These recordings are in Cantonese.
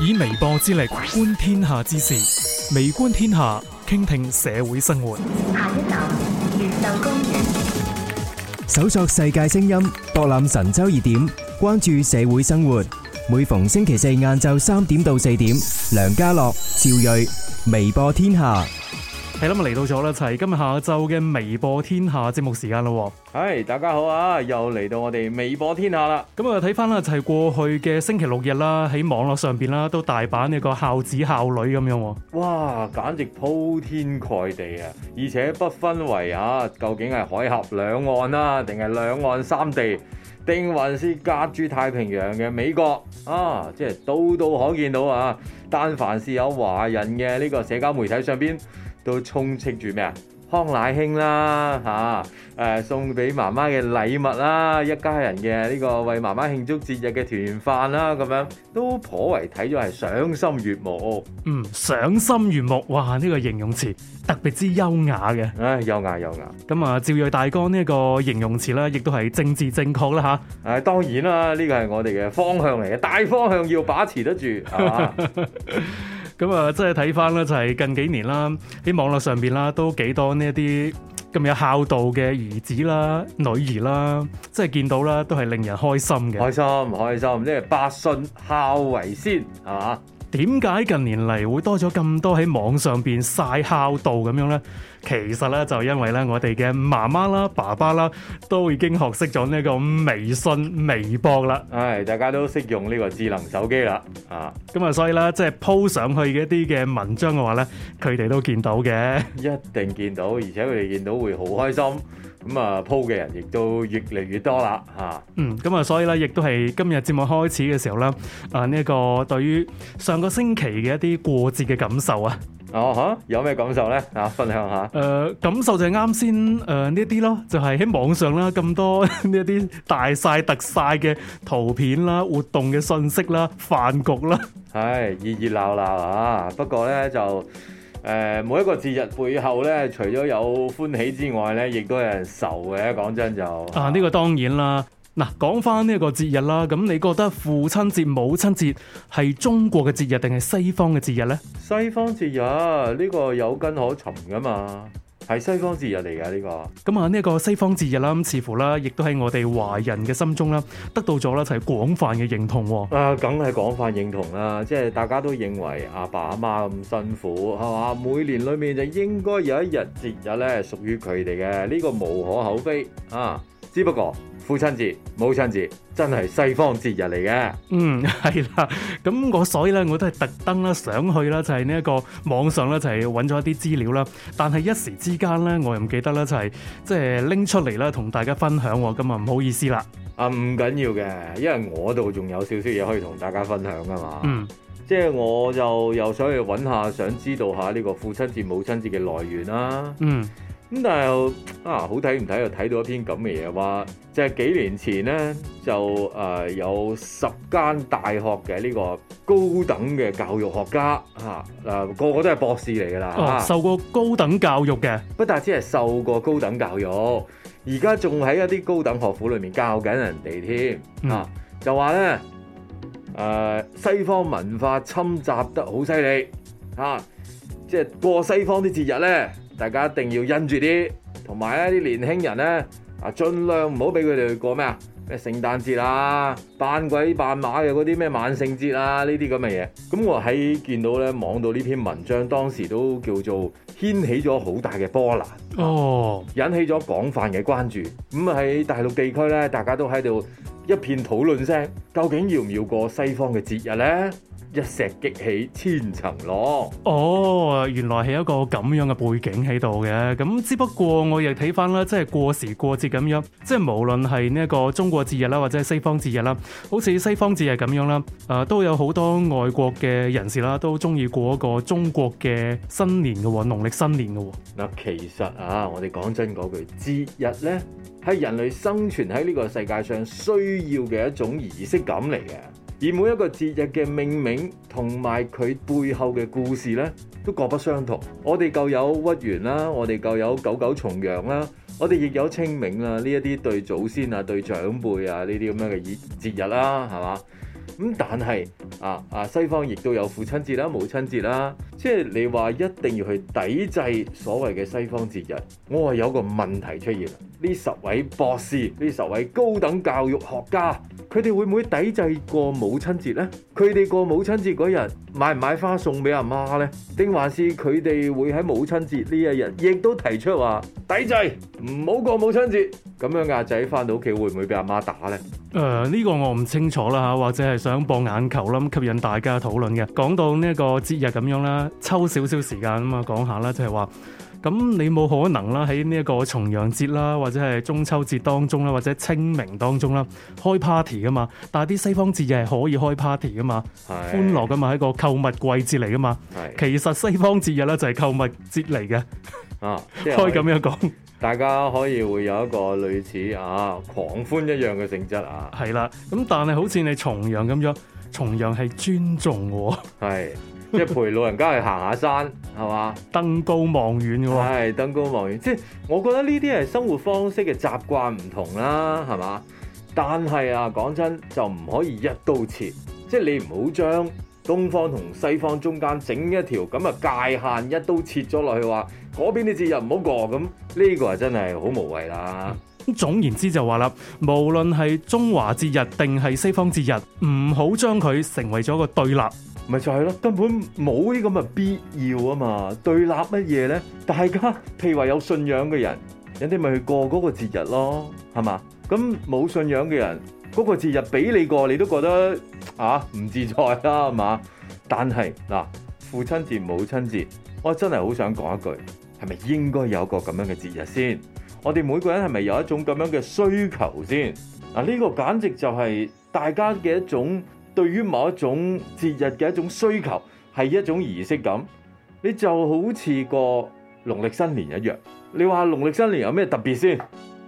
以微博之力觀天下之事，微觀天下，傾聽社會生活。搜 索世界聲音，博覽神州熱點，關注社會生活。每逢星期四晏晝三點到四點，梁嘉樂、趙睿，微播天下。係啦，咁嚟到咗就係今日下晝嘅微博天下節目時間咯。係，hey, 大家好啊，又嚟到我哋微博天下啦。咁啊，睇翻啦，就係過去嘅星期六日啦，喺網絡上邊啦，都大版呢個孝子孝女咁樣。哇，簡直鋪天蓋地啊！而且不分為啊，究竟係海峽兩岸啊，定係兩岸三地，定還是隔住太平洋嘅美國啊，即係都都可見到啊。但凡是有華人嘅呢個社交媒體上邊。都充斥住咩啊？康乃馨啦，嚇、啊！誒、呃，送俾媽媽嘅禮物啦，一家人嘅呢個為媽媽慶祝節日嘅團圓飯啦，咁樣都頗為睇咗係賞心悅目、哦。嗯，賞心悅目，哇！呢、這個形容詞特別之優雅嘅，唉、哎，優雅優雅。咁啊，趙睿大哥呢一個形容詞啦，亦都係政治正確啦，吓、啊，唉、啊，當然啦，呢、這個係我哋嘅方向嚟嘅，大方向要把持得住，係、啊、嘛？ 咁啊，即係睇翻啦，就係近幾年啦，喺網絡上邊啦，都幾多呢一啲咁有孝道嘅兒子啦、女兒啦，即係見到啦，都係令人開心嘅，開心開心，即係百信孝為先，係嘛。點解近年嚟會多咗咁多喺網上邊晒孝道咁樣呢？其實呢，就因為呢，我哋嘅媽媽啦、爸爸啦都已經學識咗呢個微信、微博啦，唉、哎，大家都識用呢個智能手機啦，啊，咁啊，所以呢，即係鋪上去嘅一啲嘅文章嘅話呢，佢哋都見到嘅，一定見到，而且佢哋見到會好開心。咁啊，鋪嘅人亦都越嚟越多啦，吓。嗯，咁啊，所以咧，亦都係今日節目開始嘅時候咧，啊，呢一個對於上個星期嘅一啲過節嘅感受啊，哦，吓，有咩感受咧？啊，分享下。誒、呃，感受就係啱先誒呢啲咯，就係、是、喺網上啦，咁多呢一啲大晒特晒嘅圖片啦、活動嘅信息啦、飯局啦，係熱熱鬧鬧啊。不過咧就。誒，每一個節日背後咧，除咗有歡喜之外咧，亦都有人愁嘅。講真就啊，呢、這個當然啦。嗱、啊，講返呢一個節日啦，咁你覺得父親節、母親節係中國嘅節日定係西方嘅節日呢？西方節日呢、這個有根可尋㗎嘛？係西方節日嚟噶呢個，咁啊呢一個西方節日啦、嗯，似乎啦亦都喺我哋華人嘅心中啦，得到咗啦，就係廣泛嘅認同。啊，梗係廣泛認同啦，即係大家都認為阿爸阿媽咁辛苦，係嘛，每年裏面就應該有一日節日咧，屬於佢哋嘅，呢個無可厚非啊。只不過父親節、母親節真係西方節日嚟嘅。嗯，係啦，咁我所以咧，我都係特登啦，想去啦，就係呢一個網上啦，就係揾咗一啲資料啦。但係一時之間咧，我又唔記得啦，就係即係拎出嚟啦，同大家分享。咁啊，唔好意思啦。啊，唔緊要嘅，因為我度仲有少少嘢可以同大家分享噶嘛。嗯。即係我又又想去揾下，想知道下呢個父親節、母親節嘅來源啦，啊。嗯。咁但係啊，好睇唔睇又睇到一篇咁嘅嘢，話就係、是，幾年前咧就誒、呃、有十間大學嘅呢個高等嘅教育學家吓嗱、啊啊、個個都係博士嚟噶啦，受過高等教育嘅，不但只係受過高等教育，而家仲喺一啲高等學府裏面教緊人哋添吓，就話咧誒，西方文化侵襲得好犀利啊，即、就、係、是，過西方啲節日咧。大家一定要因住啲，同埋一啲年輕人咧啊，儘量唔好俾佢哋過咩啊，咩聖誕節啊，扮鬼扮馬嘅嗰啲咩萬聖節啊，呢啲咁嘅嘢。咁我喺見到咧網到呢篇文章，當時都叫做掀起咗好大嘅波瀾，哦，oh. 引起咗廣泛嘅關注。咁啊喺大陸地區咧，大家都喺度一片討論聲，究竟要唔要過西方嘅節日咧？一石激起千層浪。哦，原來係一個咁樣嘅背景喺度嘅。咁只不過我亦睇翻啦，即係過時過節咁樣。即係無論係呢一個中國節日啦，或者係西方節日啦，好似西方節日咁樣啦，誒、呃、都有好多外國嘅人士啦，都中意過一個中國嘅新年嘅喎，農曆新年嘅喎。嗱，其實啊，我哋講真嗰句，節日咧係人類生存喺呢個世界上需要嘅一種儀式感嚟嘅。而每一個節日嘅命名同埋佢背後嘅故事呢，都各不相同。我哋舊有屈原啦，我哋舊有九九重陽啦，我哋亦有清明啦，呢一啲對祖先啊、對長輩啊呢啲咁樣嘅節日啦，係嘛？咁但係啊啊，西方亦都有父親節啦、母親節啦，即係你話一定要去抵制所謂嘅西方節日，我係有個問題出現。呢十位博士，呢十位高等教育學家，佢哋會唔會抵制過母親節呢？佢哋過母親節嗰日買唔買花送俾阿媽呢？定還是佢哋會喺母親節呢一日亦都提出話抵制，唔好過母親節？咁樣阿仔翻到屋企會唔會俾阿媽打呢？誒，呢個我唔清楚啦吓，或者係想博眼球啦，吸引大家討論嘅。講到呢個節日咁樣啦，抽少少時間咁啊，講下啦，就係話。咁你冇可能啦，喺呢一個重陽節啦，或者係中秋節當中啦，或者清明當中啦，開 party 噶嘛。但係啲西方節日係可以開 party 噶嘛，是歡樂噶嘛，係一個購物季節嚟噶嘛。係是，其實西方節日咧就係購物節嚟嘅。啊，可以咁樣講，大家可以會有一個類似啊狂歡一樣嘅性質啊。係啦，咁但係好似你重陽咁樣，重陽係尊重我。係。即係 陪老人家去行下山，係嘛？登高望遠喎。係登高望遠，即係我覺得呢啲係生活方式嘅習慣唔同啦，係嘛？但係啊，講真就唔可以一刀切，即係你唔好將東方同西方中間整一條咁嘅界限一刀切咗落去話，話嗰邊啲節日唔好過，咁呢個係真係好無謂啦。咁、嗯、總言之就話啦，無論係中華節日定係西方節日，唔好將佢成為咗個對立。咪就係咯，根本冇呢個咁嘅必要啊嘛！對立乜嘢咧？大家譬如話有信仰嘅人，有啲咪去過嗰個節日咯，係嘛？咁冇信仰嘅人，嗰、那個節日俾你過，你都覺得啊唔自在啦、啊，係嘛？但係嗱、啊，父親節、母親節，我真係好想講一句，係咪應該有一個咁樣嘅節日先？我哋每個人係咪有一種咁樣嘅需求先？嗱、啊，呢、這個簡直就係大家嘅一種。對於某一種節日嘅一種需求係一種儀式感，你就好似過農曆新年一樣。你話農曆新年有咩特別先？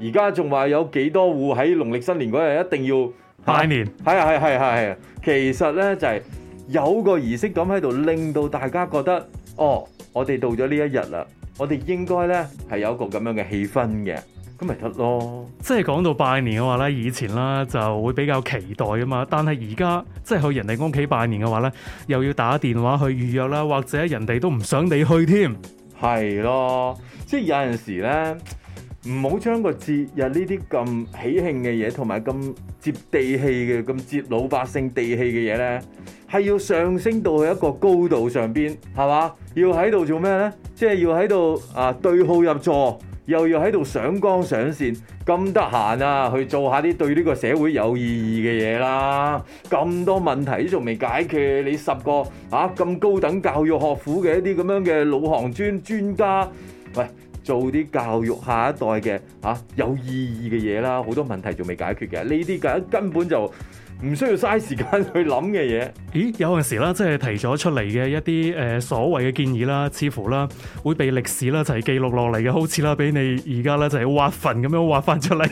而家仲話有幾多戶喺農曆新年嗰日一定要拜、啊、年？係啊係係係啊。其實咧就係、是、有個儀式感喺度，令到大家覺得，哦，我哋到咗呢一日啦，我哋應該咧係有個咁樣嘅氣氛嘅。咁咪得咯！即係講到拜年嘅話咧，以前啦就會比較期待啊嘛。但係而家即係去人哋屋企拜年嘅話咧，又要打電話去預約啦，或者人哋都唔想你去添。係咯，即係有陣時咧，唔好將個節日呢啲咁喜慶嘅嘢，同埋咁接地氣嘅、咁接老百姓地氣嘅嘢咧，係要上升到去一個高度上邊，係嘛？要喺度做咩咧？即係要喺度啊對號入座。又要喺度上綱上線，咁得閒啊，去做一下啲對呢個社會有意義嘅嘢啦！咁多問題都仲未解決，你十個嚇咁、啊、高等教育學府嘅一啲咁樣嘅老行專專家，喂，做啲教育下一代嘅嚇、啊、有意義嘅嘢啦，好多問題仲未解決嘅呢啲梗根本就～唔需要嘥時間去諗嘅嘢。咦，有陣時啦，即係提咗出嚟嘅一啲誒、呃、所謂嘅建議啦，似乎啦會被歷史啦就係、是、記錄落嚟嘅，好似啦俾你而家啦就係挖墳咁樣挖翻出嚟。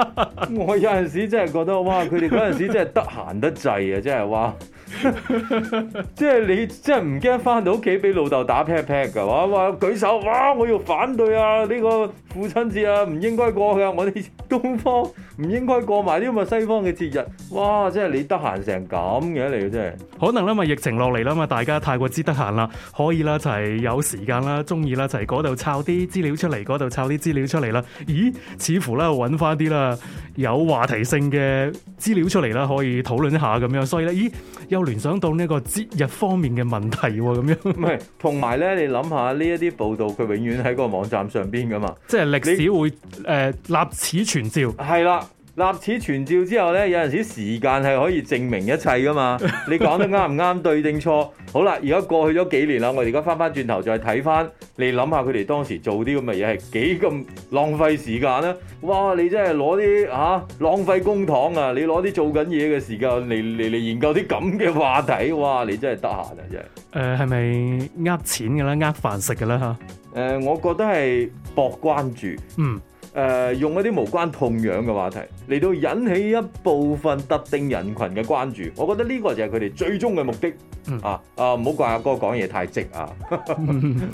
我有陣時真係覺得哇，佢哋嗰陣時真係得閒得滯啊， 真係嘩。 即係你，即係唔驚翻到屋企俾老豆打 pat pat 噶，哇哇舉手，哇我要反對啊！呢、呢個父親節啊，唔應該過啊！我哋東方唔應該過埋啲咁嘅西方嘅節日。哇！即係你得閒成咁嘅嚟嘅，真係可能啦，咪疫情落嚟啦，嘛大家太過之得閒啦，可以啦，就齊、係、有時間啦，中意啦，就係嗰度抄啲資料出嚟，嗰度抄啲資料出嚟啦。咦？似乎咧揾翻啲啦，有話題性嘅資料出嚟啦，可以討論一下咁樣。所以咧，咦？有。聯想到呢個節日方面嘅問題喎，啊，咁樣唔係，同埋咧，你諗下呢一啲報道，佢永遠喺個網站上邊噶嘛，即係歷史會誒你、呃、立此存照，係啦。立此存照之後咧，有陣時時間係可以證明一切噶嘛。你講得啱唔啱，對定錯？好啦，而家過去咗幾年啦，我哋而家翻翻轉頭再睇翻。你諗下佢哋當時做啲咁嘅嘢係幾咁浪費時間啦、啊！哇，你真係攞啲啊，浪費公帑啊！你攞啲做緊嘢嘅時間嚟嚟嚟研究啲咁嘅話題，哇！你真係得閒啊，真係。誒、呃，係咪呃錢嘅咧？呃飯食嘅咧嚇？誒，我覺得係博關注。嗯。誒、呃，用一啲無關痛癢嘅話題嚟到引起一部分特定人群嘅關注，我覺得呢個就係佢哋最終嘅目的。嗯、啊，啊，唔好怪阿哥講嘢太直啊！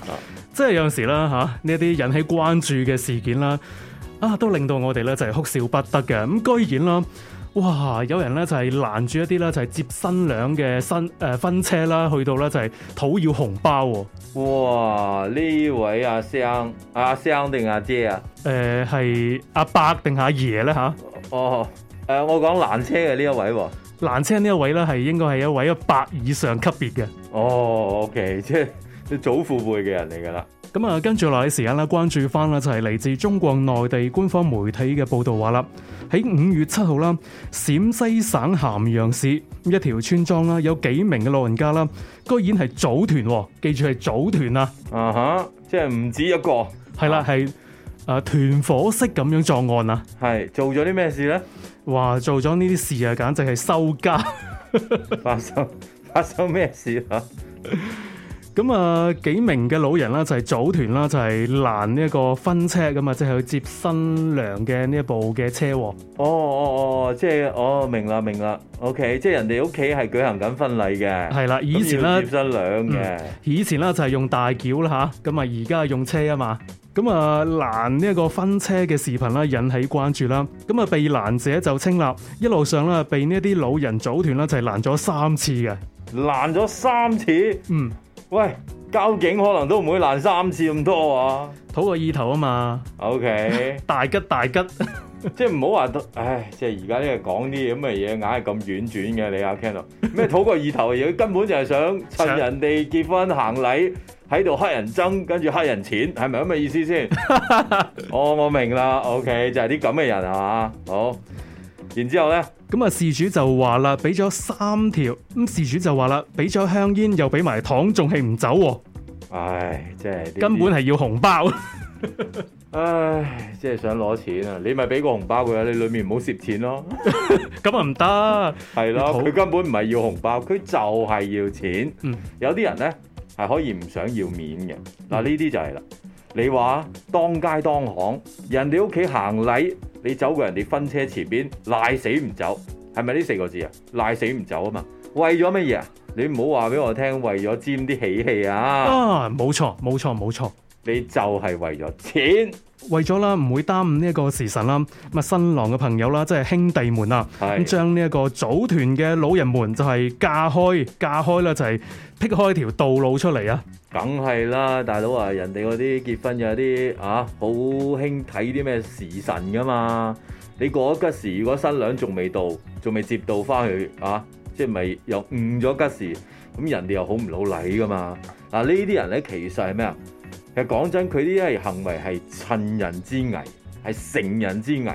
即係有陣時啦，吓呢一啲引起關注嘅事件啦，啊，都令到我哋咧就係哭笑不得嘅。咁、嗯、居然啦。哇！有人咧就係攔住一啲咧就係接新娘嘅新誒婚車啦，去到咧就係討要紅包喎。哇！呢位阿生阿生定阿姐啊？誒係、呃、阿伯定阿爺咧吓？哦誒、呃，我講攔車嘅呢一位喎，攔車呢一位咧係應該係一位一百以上級別嘅。哦，OK，即係祖父輩嘅人嚟㗎啦。咁啊，跟住落嚟時間啦，關注翻啦，就係嚟自中國內地官方媒體嘅報道話啦，喺五月七號啦，陝西省咸陽市一條村莊啦，有幾名嘅老人家啦，居然係組團，記住係組團啊，啊哈，即係唔止一個，係啦，係啊團伙式咁樣作案啊，係做咗啲咩事呢？哇做咗呢啲事啊，簡直係收家， 發生發生咩事啊？ 咁啊、嗯，幾名嘅老人啦，就係、是、組團啦，就係攔呢一個婚車咁啊，即係去接新娘嘅呢一部嘅車。哦哦哦，即係哦，明啦明啦，OK，即係人哋屋企係舉行緊婚禮嘅。係啦，以前咧接新娘嘅、嗯，以前咧就係用大轎啦吓。咁啊而家係用車啊嘛，咁啊攔呢一個婚車嘅視頻啦，引起關注啦。咁啊被攔者就清納，一路上咧被呢一啲老人組團啦，就係攔咗三次嘅，攔咗三次，三次嗯。喂，交警可能都唔會爛三次咁多喎、啊，討個意頭啊嘛。OK， 大吉大吉， 即係唔好話，唉，即係而家呢個講啲咁嘅嘢，硬係咁婉轉嘅。你阿 Ken 咩討個意頭嘅嘢， 根本就係想趁人哋結婚行禮喺度乞人憎，跟住乞人錢，係咪咁嘅意思先？我、 oh，我明啦，OK，就係啲咁嘅人啊嘛，好。然之後咧，咁啊、嗯、事主就話啦，俾咗三條，咁事主就話啦，俾咗香煙又俾埋糖，仲係唔走、啊，唉、哎，即係根本係要紅包，唉，即係想攞錢啊！你咪俾個紅包佢啊，你裏面唔好攝錢咯，咁啊唔得，係咯，佢根本唔係要紅包，佢就係要錢，嗯、有啲人咧係可以唔想要面嘅，嗱呢啲就係啦，你話當街當巷人哋屋企行禮。你走過人哋婚車前邊，賴死唔走，係咪呢四個字啊？賴死唔走啊嘛，為咗乜嘢啊？你唔好話俾我聽，為咗沾啲喜氣啊！啊，冇錯冇錯冇錯，你就係為咗錢，為咗啦，唔會耽誤呢一個時辰啦。咁啊，新郎嘅朋友啦，即係兄弟們啊，咁將呢一個組團嘅老人們就係架開架開啦，就係辟開條道路出嚟啊！梗係啦，大佬啊，人哋嗰啲結婚有啲啊，好興睇啲咩時辰㗎嘛。你過咗吉時，如果新娘仲未到，仲未接到翻去啊，即係咪又誤咗吉時？咁人哋又好唔老禮㗎嘛。嗱、啊、呢啲人咧，其實係咩啊？其實講真，佢啲係行為係趁人之危，係乘人之危。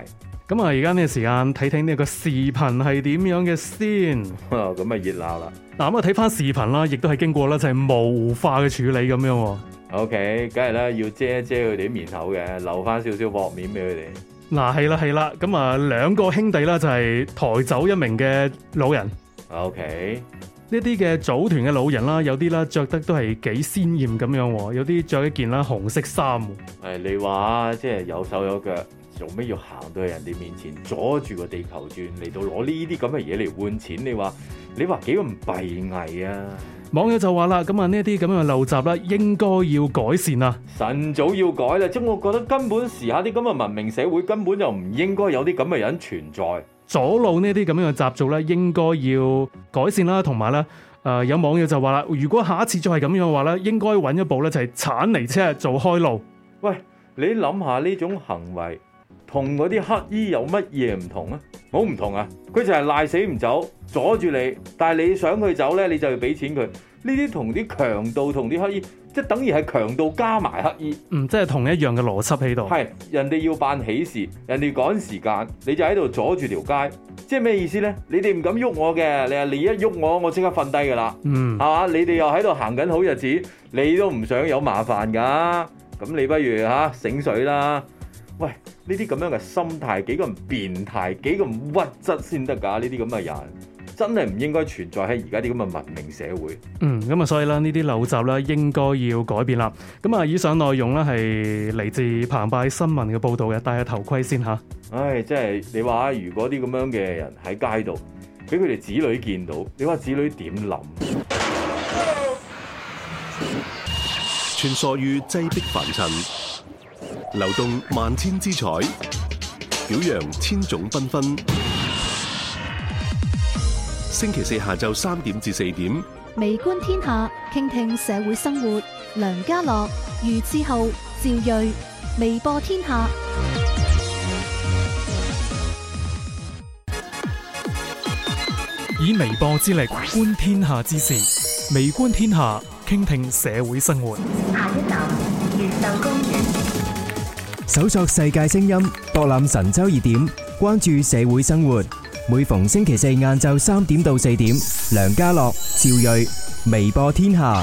咁啊，而家呢個時間睇睇呢個視頻係點樣嘅先。咁啊熱鬧啦，嗱，咁啊睇翻視頻啦，亦都係經過啦，就係模糊化嘅處理咁樣，哦。OK，梗係啦，要遮一遮佢哋面口嘅，留翻少少薄面俾佢哋。嗱，係啦係啦，咁啊兩、啊啊嗯，個兄弟啦，就係、是、抬走一名嘅老人。OK，呢啲嘅組團嘅老人啦，有啲啦着得都係幾鮮艷咁樣，哦，有啲着一件啦紅色衫。誒、哎，你話即係有手有腳。做咩要行到人哋面前阻住個地球轉，嚟到攞呢啲咁嘅嘢嚟換錢？你話你話幾咁弊翳啊？網友就話啦，咁啊呢啲咁嘅陋習咧，應該要改善啦。神早要改啦，即係我覺得根本時下啲咁嘅文明社會根本就唔應該有啲咁嘅人存在。阻路呢啲咁樣嘅習俗咧，應該要改善啦，同埋咧，誒有網友就話啦，如果下一次再係咁嘅話咧，應該揾一部咧，就係鏟泥車做開路。喂，你諗下呢種行為？同嗰啲乞衣有乜嘢唔同啊？冇唔同啊！佢就係賴死唔走，阻住你。但係你想佢走呢，你就要俾錢佢。呢啲同啲強盜同啲乞衣，即係等於係強盜加埋乞衣。嗯，即係同一樣嘅邏輯喺度。係人哋要辦喜事，人哋趕時間，你就喺度阻住條街。即係咩意思呢？你哋唔敢喐我嘅，你話你一喐我，我即刻瞓低噶啦。嗯，係嘛？你哋又喺度行緊好日子，你都唔想有麻煩噶。咁你不如嚇、啊、醒水啦。喂，呢啲咁樣嘅心態，幾咁變態，幾咁屈質先得㗎？呢啲咁嘅人真係唔應該存在喺而家啲咁嘅文明社會。嗯，咁啊，所以咧呢啲陋習咧應該要改變啦。咁啊，以上內容咧係嚟自澎湃新聞嘅報導嘅，戴下頭盔先吓，唉，即係你話如果啲咁樣嘅人喺街度，俾佢哋子女見到，你話子女點諗？傳說於擠逼凡塵。流動萬千姿彩，表揚千種繽紛，紛。星期四下晝三點至四點，微觀天下，傾聽社會生活。梁嘉樂、俞志浩、趙睿，微播天下，以微播之力觀天下之事。微觀天下，傾聽社會生活。下一集越秀公園。搜索世界聲音，博覽神州熱點，關注社會生活。每逢星期四晏晝三點到四點，梁嘉樂、趙睿，微播天下。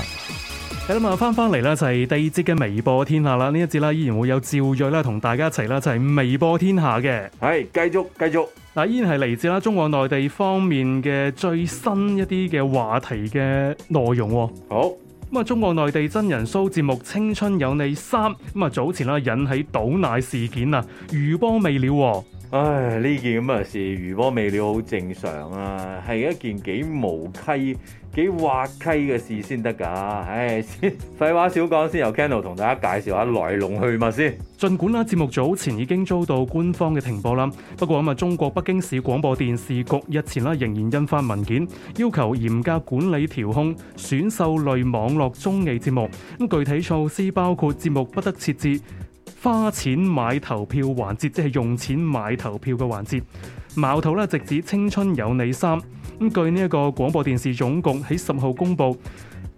係啦，咁啊，翻翻嚟啦，就係、是、第二節嘅微播天下啦。呢一節啦，依然會有趙睿咧同大家一齊啦，就係、是、微播天下嘅。係，繼續繼續。嗱，依然係嚟自啦，中國內地方面嘅最新一啲嘅話題嘅內容。好。中國內地真人騷節目《青春有你三》早前引起倒奶事件啊，餘波未了、哦。唉，呢件咁嘅事餘波未了好正常啊，係一件幾無稽、幾滑稽嘅事先得㗎。唉，廢話少講，先，由 Candle 同大家介紹下來龍去脈先。儘管啦，節目早前已經遭到官方嘅停播啦，不過咁啊、嗯，中國北京市廣播電視局日前啦仍然印發文件要求嚴格管理調控選秀類網絡綜藝節目，咁、嗯、具體措施包括節目不得設置。花錢買投票環節即係用錢買投票嘅環節，矛頭直指《青春有你三》。咁據呢一個廣播電視總局喺十號公佈，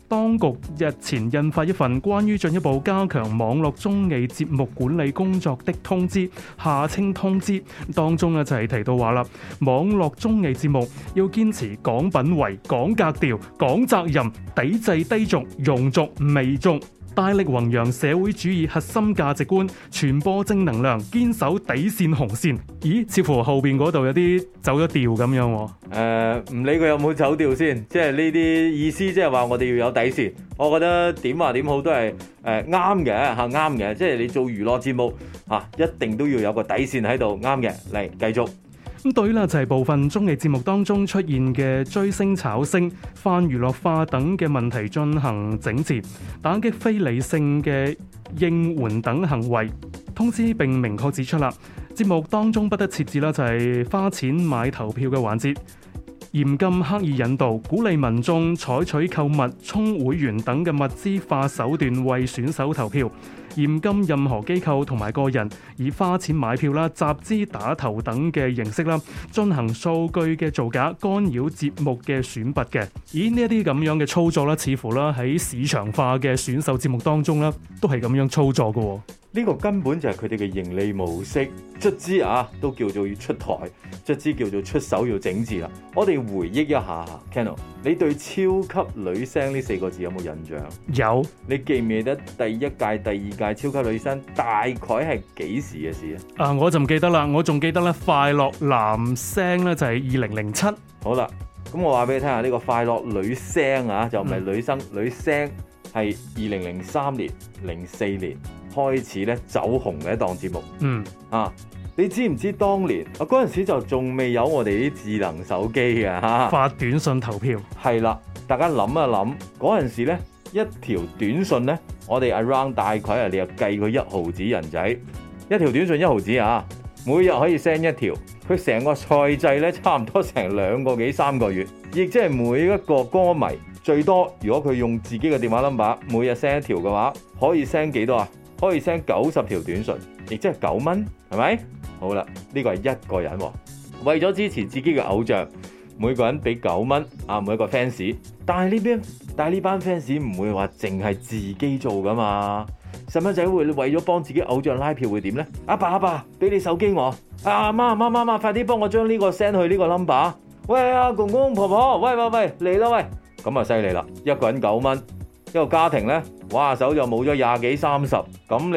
當局日前印發一份關於進一步加強網絡綜藝節目管理工作的通知（下稱通知），當中咧就係提到話啦，網絡綜藝節目要堅持講品位、講格調、講責任，抵制低俗、庸俗、媚俗。大力弘揚社會主義核心價值觀，傳播正能量，堅守底線紅線。咦，似乎後邊嗰度有啲走咗調咁樣喎。誒、呃，唔理佢有冇走調先，即係呢啲意思，即係話我哋要有底線。我覺得點話點好都係誒啱嘅吓，啱、呃、嘅。即係你做娛樂節目吓，一定都要有個底線喺度，啱嘅嚟繼續。咁對啦，就係部分綜藝節目當中出現嘅追星炒星、泛娛樂化等嘅問題進行整治，打擊非理性嘅應援等行為。通知並明確指出啦，節目當中不得設置啦，就係花錢買投票嘅環節，嚴禁刻意引導、鼓勵民眾採取購物、充會員等嘅物資化手段為選手投票。現今任何機構同埋個人以花錢買票啦、集資打頭等嘅形式啦，進行數據嘅造假、干擾節目嘅選拔嘅。咦，呢一啲咁樣嘅操作啦，似乎啦喺市場化嘅選秀節目當中啦，都係咁樣操作嘅。呢個根本就係佢哋嘅盈利模式。卒之啊，都叫做要出台，卒之叫做出手要整治啦。我哋回憶一下，Ken，你對超級女聲呢四個字有冇印象？有。你記唔記得第一屆、第二屆超級女聲大概係幾時嘅事啊？啊，我就唔記得啦。我仲記得咧，快樂男聲咧就係二零零七。好啦，咁我話俾你聽下呢個快樂女聲啊，就唔係女生女聲，係二零零三年、零四年。開始咧走紅嘅一檔節目，嗯啊，你知唔知當年啊，嗰陣時就仲未有我哋啲智能手機嘅。嚇、啊、發短信投票係啦，大家諗一諗嗰陣時咧一條短信咧，我哋 around 大概啊，你又計佢一毫子人仔，一條短信一毫子啊，每日可以 send 一條，佢成個賽制咧差唔多成兩個幾三個月，亦即係每一個歌迷最多如果佢用自己嘅電話 number 每日 send 一條嘅話，可以 send 幾多啊？可以 send 九十條短信，亦即係九蚊，係咪？好啦，呢個係一個人，哦，為咗支持自己嘅偶像，每個人俾九蚊，啊每一個 fans。但係呢邊，但係呢班 fans 唔會話淨係自己做噶嘛，細蚊仔會為咗幫自己偶像拉票會點呢？阿爸阿爸，俾你手機我。啊媽媽媽媽，快啲幫我將呢個 send 去呢個 number。喂啊，公公婆婆婆，喂喂喂，嚟啦喂。咁啊犀利啦，一個人九蚊。一個家庭呢，哇，手就冇咗廿幾三十，咁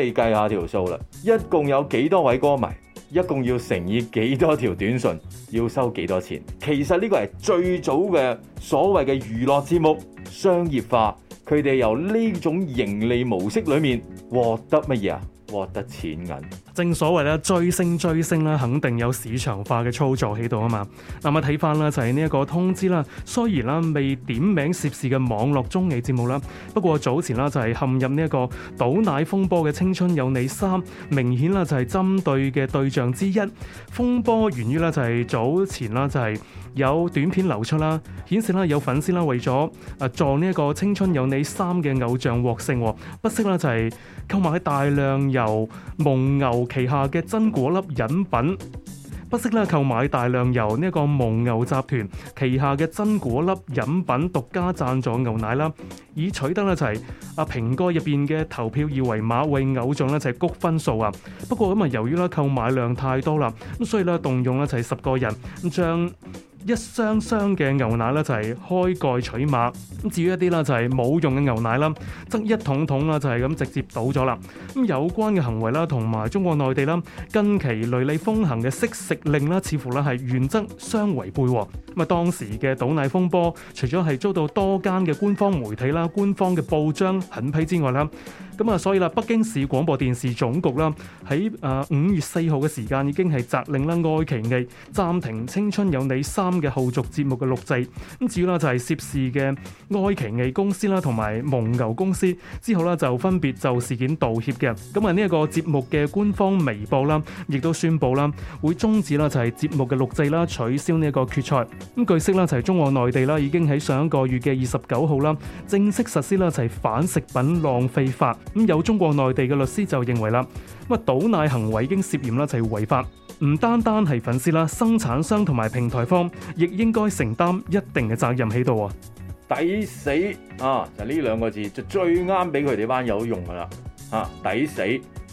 你計下條數啦，一共有幾多位歌迷，一共要乘以幾多條短信，要收幾多錢？其實呢個係最早嘅所謂嘅娛樂節目商業化，佢哋由呢種盈利模式裏面獲得乜嘢？獲得錢銀，正所謂咧追星追星咧，肯定有市場化嘅操作喺度啊嘛。咁啊睇翻咧就係呢一個通知啦，雖然啦未點名涉事嘅網絡綜藝節目啦，不過早前啦就係陷入呢一個倒奶風波嘅《青春有你三》，明顯啦就係針對嘅對象之一。風波源於呢就係早前啦就係、是。有短片流出啦，顯示啦有粉絲啦為咗啊撞呢一個《青春有你三》嘅偶像獲勝，不惜啦就係購買大量由蒙牛旗下嘅真果粒飲品，不惜啦購買大量由呢一個蒙牛集團旗下嘅真果粒飲品獨家贊助牛奶啦，以取得咧就係啊蘋果入邊嘅投票二維碼為偶像咧就係谷分數啊！不過咁啊由於啦購買量太多啦，咁所以咧動用咧就係十個人將，一箱箱嘅牛奶咧就係開蓋取碼，咁至於一啲咧就係冇用嘅牛奶啦，執一桶桶啦就係咁直接倒咗啦。咁有關嘅行為啦，同埋中國內地啦近期雷厲風行嘅息食令啦，似乎咧係原則相違背。咁啊，當時嘅倒奶風波，除咗係遭到多間嘅官方媒體啦、官方嘅報章狠批之外咧。咁啊，所以啦，北京市廣播電視總局啦，喺啊五月四號嘅時間已經係責令啦，愛奇藝暫停《青春有你三》嘅後續節目嘅錄製。咁至於啦，就係涉事嘅愛奇藝公司啦，同埋蒙牛公司之後啦，就分別就事件道歉嘅。咁啊，呢一個節目嘅官方微博啦，亦都宣布啦，會終止啦，就係節目嘅錄製啦，取消呢一個決賽。咁據悉啦，就係中國內地啦，已經喺上一個月嘅二十九號啦，正式實施啦，就係反食品浪費法。咁有中國內地嘅律師就認為啦，咁啊倒奶行為已經涉嫌啦，就係違法，唔單單係粉絲啦，生產商同埋平台方亦應該承擔一定嘅責任喺度啊！抵死啊，就呢兩個字就最啱俾佢哋班友用噶啦啊！抵死。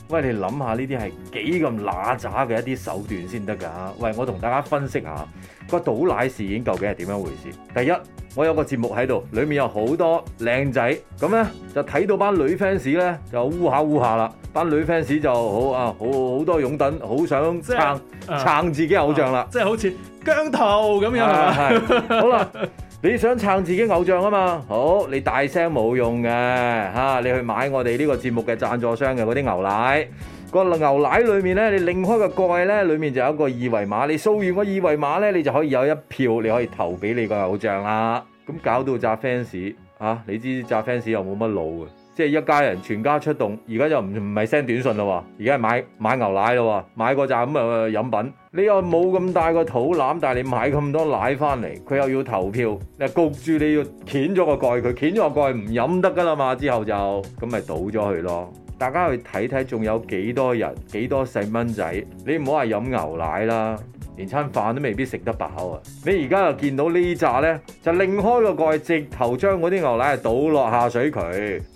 喂，你諗下呢啲係幾咁乸渣嘅一啲手段先得㗎？喂，我同大家分析下個倒奶事件究竟係點樣回事？第一，我有個節目喺度，裡面有好多靚仔，咁咧就睇到班女 fans 咧就烏下烏下啦，班女 fans 就好啊，好好，好多擁躉，好想撐是撐自己偶像啦，即係好似姜頭咁樣係 好啦。 你想撐自己偶像啊嘛？好，你大聲冇用嘅嚇、啊，你去買我哋呢個節目嘅贊助商嘅嗰啲牛奶，個牛奶裏面呢，你擰開個蓋呢，裏面就有一個二維碼，你掃完個二維碼呢，你就可以有一票，你可以投俾你個偶像啦。咁搞到扎 fans 嚇，你知扎 fans 又冇乜腦嘅，即係一家人全家出動，而家就唔唔係 send 短信啦喎，而家係買買牛奶啦喎，買個扎咁嘅飲品。你又冇咁大個肚腩，但係你買咁多奶翻嚟，佢又要投票，你焗住你要掀咗個蓋，佢掀咗個蓋唔飲得㗎啦嘛，之後就咁咪倒咗佢咯。大家去睇睇，仲有幾多人、幾多細蚊仔，你唔好話飲牛奶啦。連餐飯都未必食得飽啊！你而家又見到呢扎呢？就擰開個蓋，直頭將嗰啲牛奶倒落下，下水渠，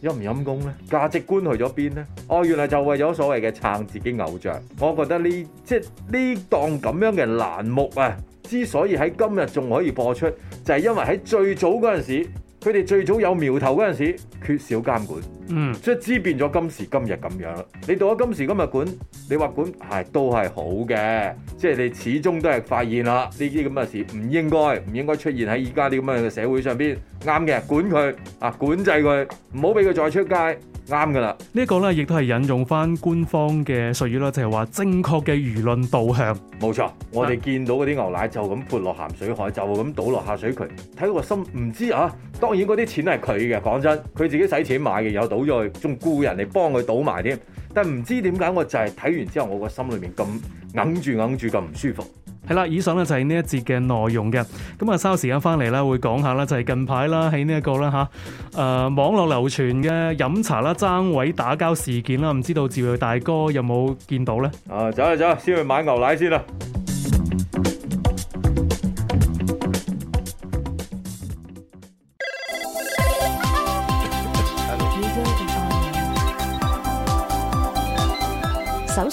陰唔陰功呢？價值觀去咗邊呢？哦，原來就為咗所謂嘅撐自己偶像。我覺得呢，即係呢檔咁樣嘅欄目啊，之所以喺今日仲可以播出，就係、是、因為喺最早嗰陣時，佢哋最早有苗頭嗰陣時，缺少監管。嗯，所以知變咗今時今日咁樣啦。你到咗今時今日管，你話管係、哎、都係好嘅，即係你始終都係發現啦，呢啲咁嘅事唔應該，唔應該出現喺而家啲咁嘅社會上邊，啱嘅管佢啊，管制佢，唔好俾佢再出街，啱噶啦。呢一個咧亦都係引用翻官方嘅術語啦，就係、是、話正確嘅輿論導向。冇錯，我哋見到嗰啲牛奶就咁潑落鹹水海，就咁倒落下水渠，睇到個心唔知啊。當然嗰啲錢係佢嘅，講真，佢自己使錢買嘅有。倒咗仲僱人嚟幫佢倒埋添，但係唔知點解，我就係睇完之後，我個心裏面咁硬住硬住咁唔舒服。係啦，以上咧就係呢一節嘅內容嘅。咁啊，稍後時間翻嚟啦，會講下啦，就係近排啦，喺呢一個啦吓，誒，網絡流傳嘅飲茶啦爭位打交事件啦，唔知道趙睿大哥有冇見到咧？啊，走啦走，先去買牛奶先啦。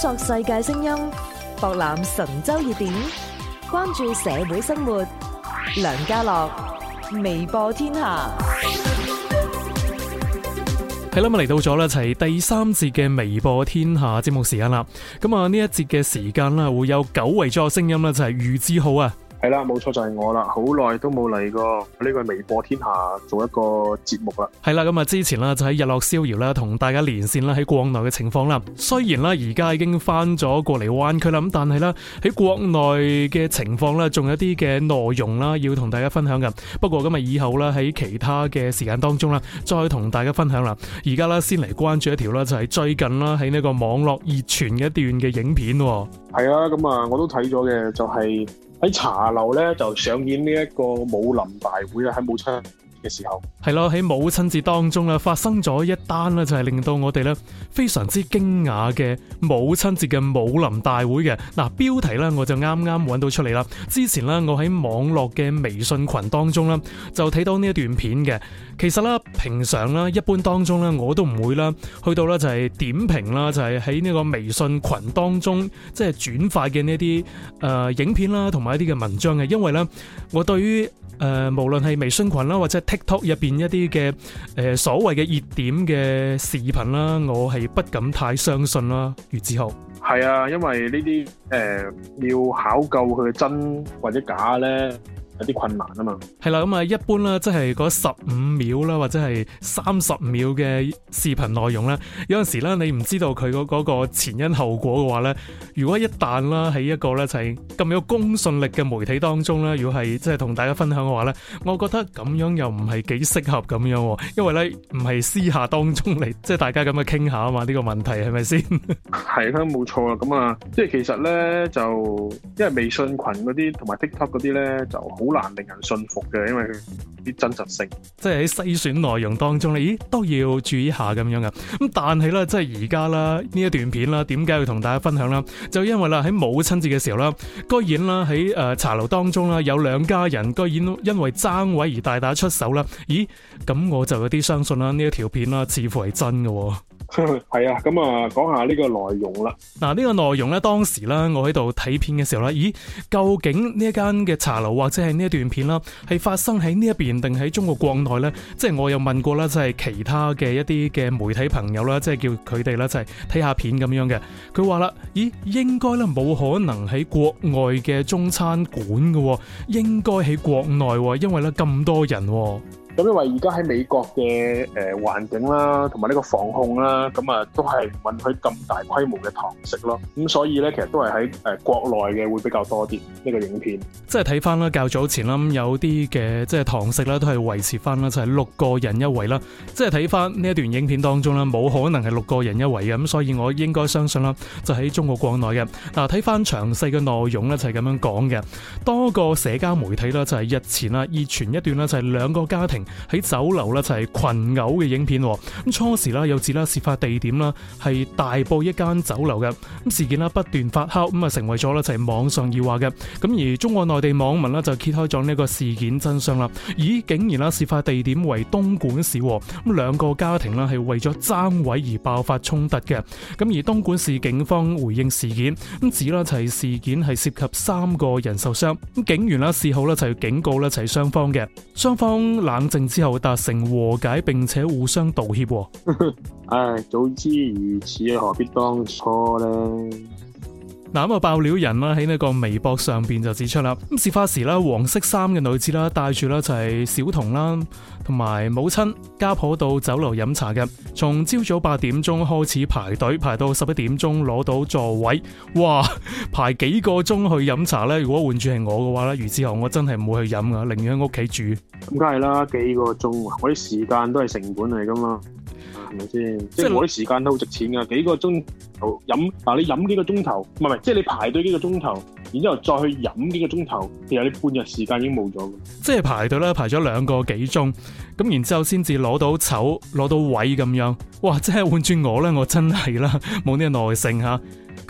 作世界聲音，博覽神州熱點，關注社會生活。梁嘉樂，微播天下。係啦，咁嚟到咗啦，齊第三節嘅微播天下節目時間啦。咁、嗯、啊，呢一節嘅時間啦，會有九位左右聲音啦、就是，就係俞志浩啊。係啦，冇錯就係、是、我啦，好耐都冇嚟過呢個微播天下做一個節目啦。係啦，咁、嗯、啊之前啦就喺日落逍遙啦，同大家連線啦，喺國內嘅情況啦。雖然啦而家已經翻咗過嚟灣區啦，咁但係啦喺國內嘅情況啦，仲有啲嘅內容啦，要同大家分享嘅。不過咁啊以後啦，喺其他嘅時間當中啦，再同大家分享啦。而家啦先嚟關注一條啦，就係最近啦喺呢個網絡熱傳嘅一段嘅影片、哦。係啊，咁、嗯、啊我都睇咗嘅，就係。喺茶樓咧就上演呢一個武林大會啦，喺武昌。嘅時候，係咯，喺母親節當中啦，發生咗一單啦，就係令到我哋咧非常之驚訝嘅母親節嘅武林大會嘅。嗱、啊、標題咧，我就啱啱搵到出嚟啦。之前咧，我喺網絡嘅微信群當中咧，就睇到呢一段片嘅。其實呢，平常呢，一般當中呢，我都唔會啦，去到呢，就係點評啦，就係喺呢個微信群當中即係轉發嘅呢啲誒影片啦，同埋一啲嘅文章嘅，因為呢，我對於。誒，無論係微信羣啦，或者 TikTok 入邊一啲嘅誒所謂嘅熱點嘅視頻啦，我係不敢太相信啦。俞志浩，係啊，因為呢啲誒要考究佢嘅真或者假咧。有啲困難啊嘛，係啦，咁啊一般啦，即係嗰十五秒啦，或者係三十秒嘅視頻內容啦。有陣時咧你唔知道佢嗰個前因後果嘅話咧，如果一旦啦喺一個咧就係咁有公信力嘅媒體當中咧，如果係即係同大家分享嘅話咧，我覺得咁樣又唔係幾適合咁樣，因為咧唔係私下當中嚟，即係大家咁嘅傾下啊嘛，呢個問題係咪先？係啦，冇 錯啦，咁啊，即係其實咧就因為微信群嗰啲同埋 TikTok 嗰啲咧就好。好難令人信服嘅，因為啲真實性，即係喺篩選內容當中咧，咦都要注意下咁樣噶。咁但係咧，即係而家啦，呢一段片啦，點解要同大家分享啦？就因為啦，喺母親節嘅時候啦，居然啦喺誒茶樓當中啦，有兩家人居然因為爭位而大打出手啦。咦，咁我就有啲相信啦，呢一條片啦，似乎係真嘅。係 啊，咁、嗯、啊，講下呢個內容啦。嗱，呢個內容呢，當時呢，我喺度睇片嘅時候呢，咦，究竟呢一間嘅茶樓或者係呢一段片啦，係發生喺呢一邊定喺中國國內呢？即係我有問過啦，即係其他嘅一啲嘅媒體朋友啦，即係叫佢哋啦，就係睇下片咁樣嘅。佢話啦，咦，應該咧冇可能喺國外嘅中餐館噶，應該喺國內，因為咧咁多人哦。咁因為而家喺美國嘅誒、呃、環境啦，同埋呢個防控啦，咁、嗯、啊都係唔允許咁大規模嘅堂食咯。咁、嗯、所以咧，其實都係喺誒國內嘅會比較多啲呢、呢個影片。即係睇翻啦，較早前啦，有啲嘅即係堂食啦，都係維持翻啦，就係、是、六個人一圍啦。即係睇翻呢一段影片當中咧，冇可能係六個人一圍嘅。咁所以我應該相信啦，就喺、是、中國國內嘅。嗱，睇翻詳細嘅內容咧，就係、是、咁樣講嘅。多個社交媒體啦，就係日前啊熱傳一段啦，就係兩個家庭。喺酒樓啦，就係群毆嘅影片。咁初時啦，有指啦事發地點啦係大埔一間酒樓嘅。咁事件啦不斷發酵，咁啊成為咗啦就係網上熱話嘅。咁而中國內地網民啦就揭開咗呢個事件真相啦，咦竟然啦事發地點為東莞市。咁兩個家庭啦係為咗爭位而爆發衝突嘅。咁而東莞市警方回應事件，咁指啦就係事件係涉及三個人受傷。咁警員啦事後啦就警告啦就係雙方嘅，雙方冷。之後達成和解，並且互相道歉。唉、 啊，早知如此，何必當初呢？嗱咁啊！爆料人啦喺呢個微博上邊就指出啦，咁事發時咧，黃色衫嘅女子啦，帶住咧就係小童啦，同埋母親家婆到酒樓飲茶嘅，從朝早八點鐘開始排隊，排到十一點鐘攞到座位，哇！排幾個鐘去飲茶咧？如果換住係我嘅話咧，俞志浩，我真係唔會去飲噶，寧願喺屋企煮。咁梗係啦，幾個鐘啊？我啲時間都係成本嚟噶嘛。係咪先？即係我啲時間都好值錢噶，幾個鐘頭飲嗱，啊，你飲幾個鐘頭，唔係唔係，即係你排隊幾個鐘頭，然之後再去飲幾個鐘頭，其實你半日時間已經冇咗。即係排隊咧，排咗兩個幾鐘，咁然之後先至攞到籌，攞到位咁樣。哇！即係換轉我咧，我真係啦，冇呢個耐性嚇。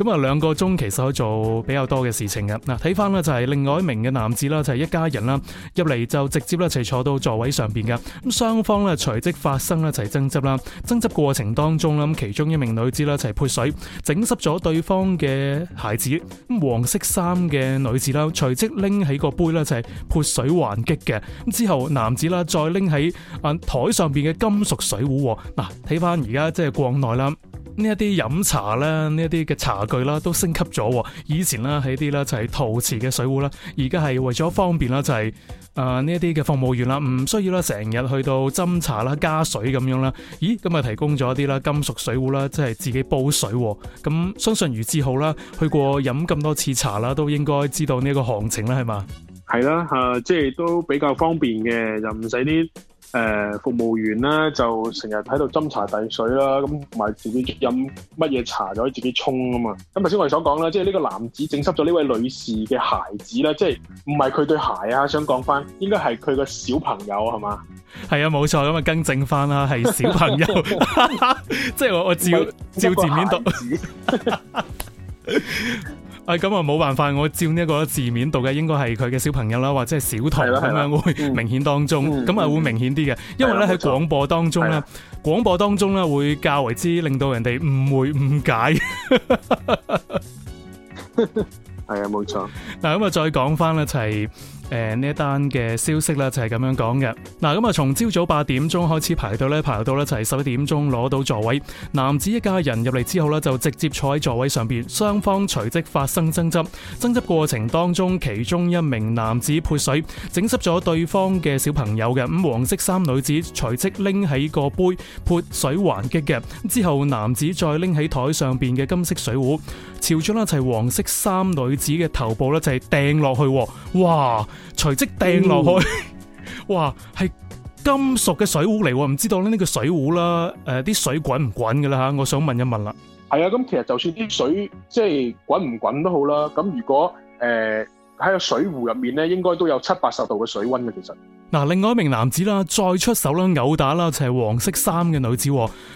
咁啊，兩個鐘其實可以做比較多嘅事情嘅。嗱，睇翻咧就係另外一名嘅男子啦，就係、是、一家人啦入嚟就直接一齊坐到座位上邊嘅。咁雙方呢，隨即發生一齊爭執啦。爭執過程當中啦，咁其中一名女子啦一齊潑水，整濕咗對方嘅孩子。咁黃色衫嘅女子啦隨即拎起個杯咧就係潑水還擊嘅。咁之後男子啦再拎喺啊台上邊嘅金屬水壺。嗱，睇翻而家即係國內啦。呢一啲飲茶啦，呢一啲嘅茶具啦，都升級咗。以前啦，喺啲啦就係陶瓷嘅水壺啦，而家係為咗方便啦、就是，就係誒呢一啲嘅服務員啦，唔需要啦，成日去到斟茶啦、加水咁樣啦。咦，咁啊提供咗啲啦金屬水壺啦，即、就、係、是、自己煲水。咁相信俞志浩啦，去過飲咁多次茶啦，都應該知道呢個行情啦，係嘛？係啦，誒、呃，即係都比較方便嘅，又唔使啲。誒、呃、服務員咧就成日喺度斟茶遞水啦，咁同埋自己飲乜嘢茶就可以自己沖啊嘛。咁頭先我哋所講啦，即係呢個男子整濕咗呢位女士嘅鞋子啦，即係唔係佢對鞋啊？想講翻，應該係佢個小朋友係嘛？係啊，冇錯，咁啊，更正翻啦，係小朋友，啊、即係我我照是照字前面讀。 咁啊，冇辦法，我照呢一個字面度嘅，應該係佢嘅小朋友啦，或者係小童咁樣會明顯當中，咁啊會明顯啲嘅，因為咧喺廣播當中咧，廣播當中咧會較為之令到人哋誤會誤解。係啊，冇錯。嗱，咁啊，再講翻呢就係。誒呢、呃、一單嘅消息呢，就係咁樣講嘅。嗱，咁啊，從朝早八點鐘開始排隊咧，排到呢就係十一點鐘攞到座位。男子一家人入嚟之後呢，就直接坐喺座位上邊，雙方隨即發生爭執。爭執過程當中，其中一名男子潑水，整濕咗對方嘅小朋友嘅。咁黃色衫女子隨即拎起個杯潑水還擊嘅。之後男子再拎起台上邊嘅金色水壺，朝住呢，就係黃色衫女子嘅頭部呢，就係掟落去。哇！隨即掟落去，哇，係金屬嘅水壺嚟喎，唔知道呢個水壺啦，誒、呃，啲水滾唔滾㗎啦吓，我想問一問啦。係啊，咁其實就算啲水即係滾唔滾都好啦，咁如果誒喺個水壺入面呢，應該都有七八十度嘅水溫嘅，其實。嗱，另外一名男子啦，再出手啦，毆打啦，就係、是、黃色衫嘅女子，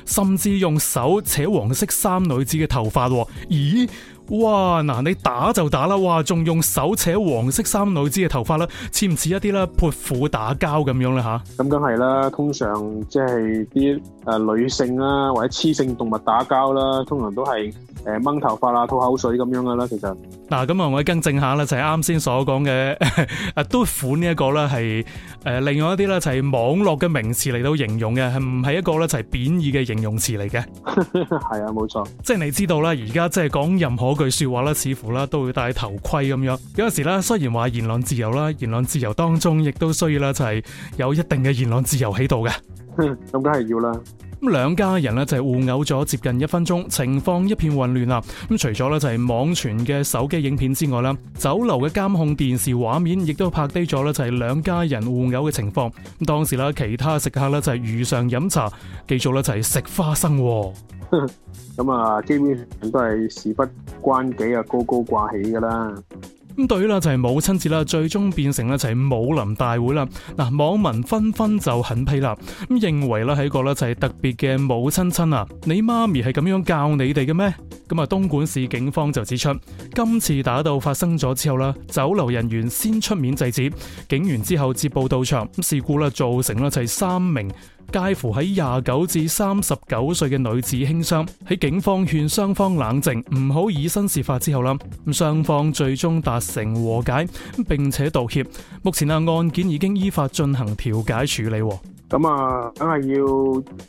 甚至用手扯黃色衫女子嘅頭髮，咦？哇，嗱你打就打啦，哇，仲用手扯黃色衫女子嘅頭髮啦，似唔似一啲咧潑婦打交咁樣咧吓？咁梗係啦，通常即係啲誒女性啦，或者雌性動物打交啦，通常都係誒掹頭髮啊、吐口水咁樣噶啦。其實嗱，咁啊，我更正下啦，就係啱先所講嘅啊都款呢一個啦，係、呃、誒另外一啲咧，就係網絡嘅名詞嚟到形容嘅，係唔係一個咧，就係貶義嘅形容詞嚟嘅？係 啊，冇錯。即係你知道啦，而家即係講任何句說話咧，似乎咧都會戴頭盔咁樣。有陣時咧，雖然話言論自由啦，言論自由當中亦都需要咧就係有一定嘅言論自由喺度嘅。嗯，咁梗係要啦。咁兩家人咧就係互毆咗接近一分鐘，情況一片混亂啊。咁除咗咧就係網傳嘅手機影片之外啦，酒樓嘅監控電視畫面亦都拍低咗咧就係兩家人互毆嘅情況。咁當時咧其他食客咧就係如常飲茶，繼續咧就係食花生喎。咁、 嗯、啊，基本上都係事不關己啊，高高掛起噶啦。咁、嗯、對於啦，就係、是、母親節啦，最終變成咧就係武林大會啦。嗱、啊，網民紛紛就狠批啦，咁認為咧喺一個咧就係特別嘅母親親啊，你媽咪係咁樣教你哋嘅咩？咁、嗯、啊，東莞市警方就指出，今次打鬥發生咗之後啦，酒樓人員先出面制止，警員之後接報到場，事故咧造成咧就係三名介乎喺廿九至三十九歲嘅女子輕傷，喺警方勸雙方冷靜，唔好以身試法之後啦，咁雙方最終達成和解，並且道歉。目前啊，案件已經依法進行調解處理。咁啊，梗係要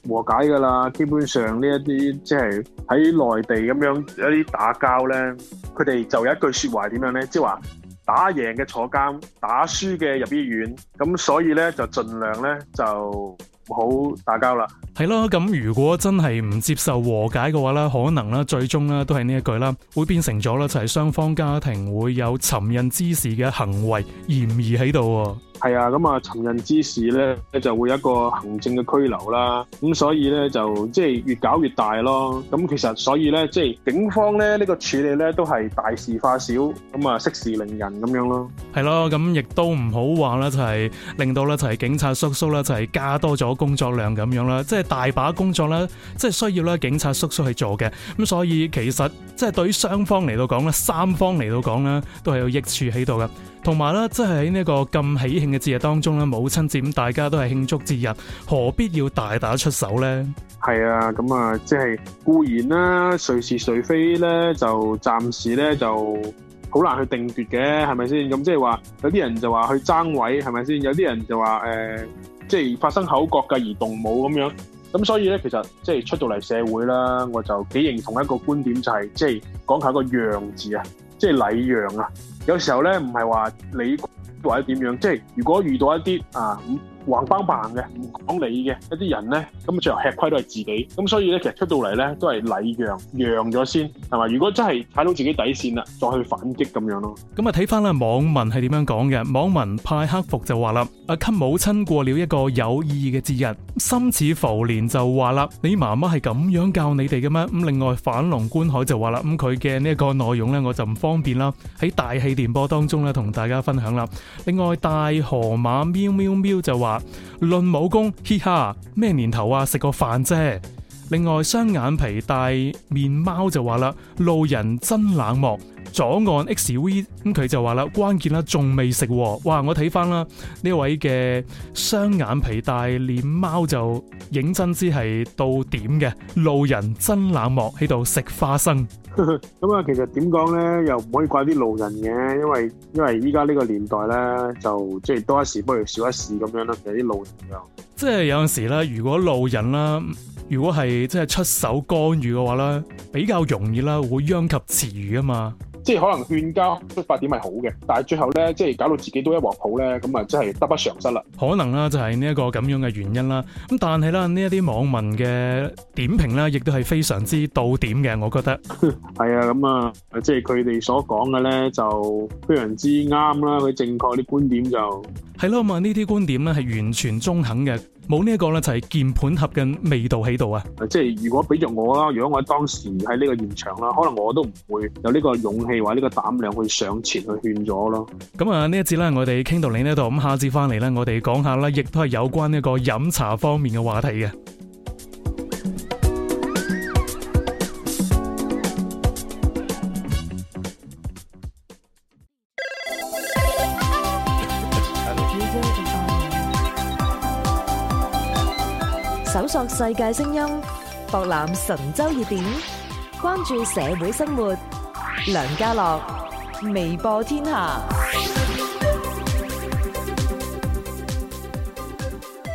和解噶啦。基本上呢一啲即係喺內地咁樣一啲打交呢，佢哋就有一句說話點樣呢？即係話打贏嘅坐監，打輸嘅入醫院。咁所以呢，就盡量呢就。好打交啦。係咯，咁如果真係唔接受和解嘅話呢，可能呢，最終呢都係呢一句啦，會變成咗咧就係雙方家庭會有尋釁滋事嘅行為嫌疑喺度。係啊，咁啊，尋釁滋事咧，就會有一個行政嘅拘留啦。咁所以咧，就即係越搞越大咯。咁其實所以咧，即係警方咧呢、這個處理咧都係大事化小，咁啊息事寧人咁樣咯。係咯，咁亦都唔好話啦，就係、是、令到咧就係、是、警察叔叔咧就係、是、加多咗工作量咁樣啦。即係大把工作咧，即、就、係、是、需要咧警察叔叔去做嘅。咁所以其實即係、就是、對於雙方嚟到講咧，三方嚟到講咧，都係有益處喺度噶。同埋咧，即係喺呢個咁喜慶嘅節日當中咧，母親節大家都係慶祝節日，何必要大打出手咧？係啊，咁啊，即係固然啦，誰是誰非咧，就暫時咧就好難去定奪嘅，係咪先？咁即係話有啲人就話去爭位，係咪先？有啲人就話誒，即、呃、係、就是、發生口角繼而動武咁樣。咁所以咧，其實即係出到嚟社會啦，我就幾認同一個觀點、就是，就係即係講下一個讓字啊，即係禮讓啊。有時候呢，唔係話你或者點樣，即係如果遇到一啲啊橫包扮嘅，唔講理嘅一啲人呢，咁最後吃虧都係自己，咁所以呢，其實出到嚟呢，都係禮讓，讓咗先係嘛？如果真係踩到自己底線啦，再去反擊咁樣咯。咁啊睇翻啦網民係點樣講嘅？網民派克服就話啦：阿、啊、給母親過了一個有意義嘅節日。心似浮蓮就話啦：你媽媽係咁樣教你哋嘅咩？咁另外反龍觀海就話啦：咁佢嘅呢一個內容呢，我就唔方便啦，喺大氣電波當中咧同大家分享啦。另外大河馬喵喵喵，喵，喵就話。論武功，嘻哈，咩年頭啊？食個飯啫。另外雙眼皮帶面貓就話啦，路人真冷漠。左岸 XV 咁佢就話啦，關鍵啦仲未食。哇！我睇翻，啦，呢位嘅雙眼皮帶臉貓就認真之係到點嘅，路人真冷漠喺度食花生。咁啊，其實點講呢？又唔可以怪啲路人嘅，因為因為依家呢個年代呢，就即係、就是、多一事不如少一事咁樣啦。其實啲路人又即係有陣時呢，如果路人啦。如果係即係出手干預嘅話咧，比較容易啦，會殃及池魚啊嘛。即係可能勸交出發點係好嘅，但係最後咧，即係搞到自己都一鑊泡咧，咁啊，真係得不償失啦。可能啦，就係呢一個咁樣嘅原因啦。咁但係啦，呢一啲網民嘅點評咧，亦都係非常之到點嘅，我覺得係 啊。咁啊，即係佢哋所講嘅咧，就非常之啱啦。佢正確啲觀點就係咯，咁啊，呢啲觀點咧係完全中肯嘅。冇呢一個咧，就係鍵盤俠嘅味道喺度啊！即係如果俾着我啦，如果我當時喺呢個現場啦，可能我都唔會有呢個勇氣或者呢個膽量去上前去勸咗咯。咁啊、嗯，呢一節咧，我哋傾到你呢度，咁下次翻嚟咧，我哋講下啦，亦都係有關呢個飲茶方面嘅話題嘅。作世界聲音，博覽神州熱點，關注社會生活。梁嘉樂，微播天下。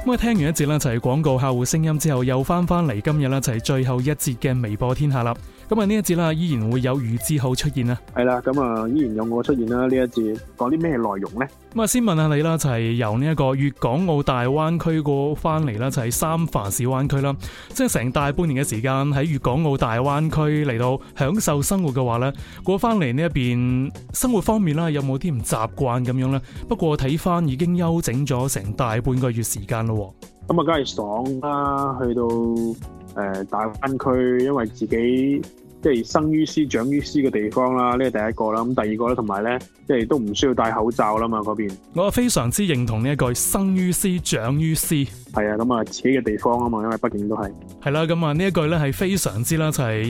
咁啊，聽完一節啦，就係、是、廣告客戶聲音之後，又翻翻嚟今日啦，就係、是、最後一節嘅微播天下啦。咁啊呢一節啦，依然會有俞志浩出現啦。係啦，咁啊依然有我出現啦呢一節，講啲咩內容呢？咁啊先問下你啦，就係、是、由呢一個粵港澳大灣區過翻嚟啦，就係、是、三藩市灣區啦，即係成大半年嘅時間喺粵港澳大灣區嚟到享受生活嘅話咧，過翻嚟呢一邊生活方面啦，有冇啲唔習慣咁樣咧？不過睇翻已經休整咗成大半個月時間咯。咁啊，梗係爽啦，去到。誒、呃，大灣區因為自己。即係生於斯、長於斯嘅地方啦，呢個第一個啦。咁第二個咧，同埋咧，即係都唔需要戴口罩啦嘛，嗰邊。我非常之認同呢一句生於斯、長於斯。係啊，咁啊，自己嘅地方啊嘛，因為畢竟都係。係啦，咁啊，呢一句咧係非常之啦，就係、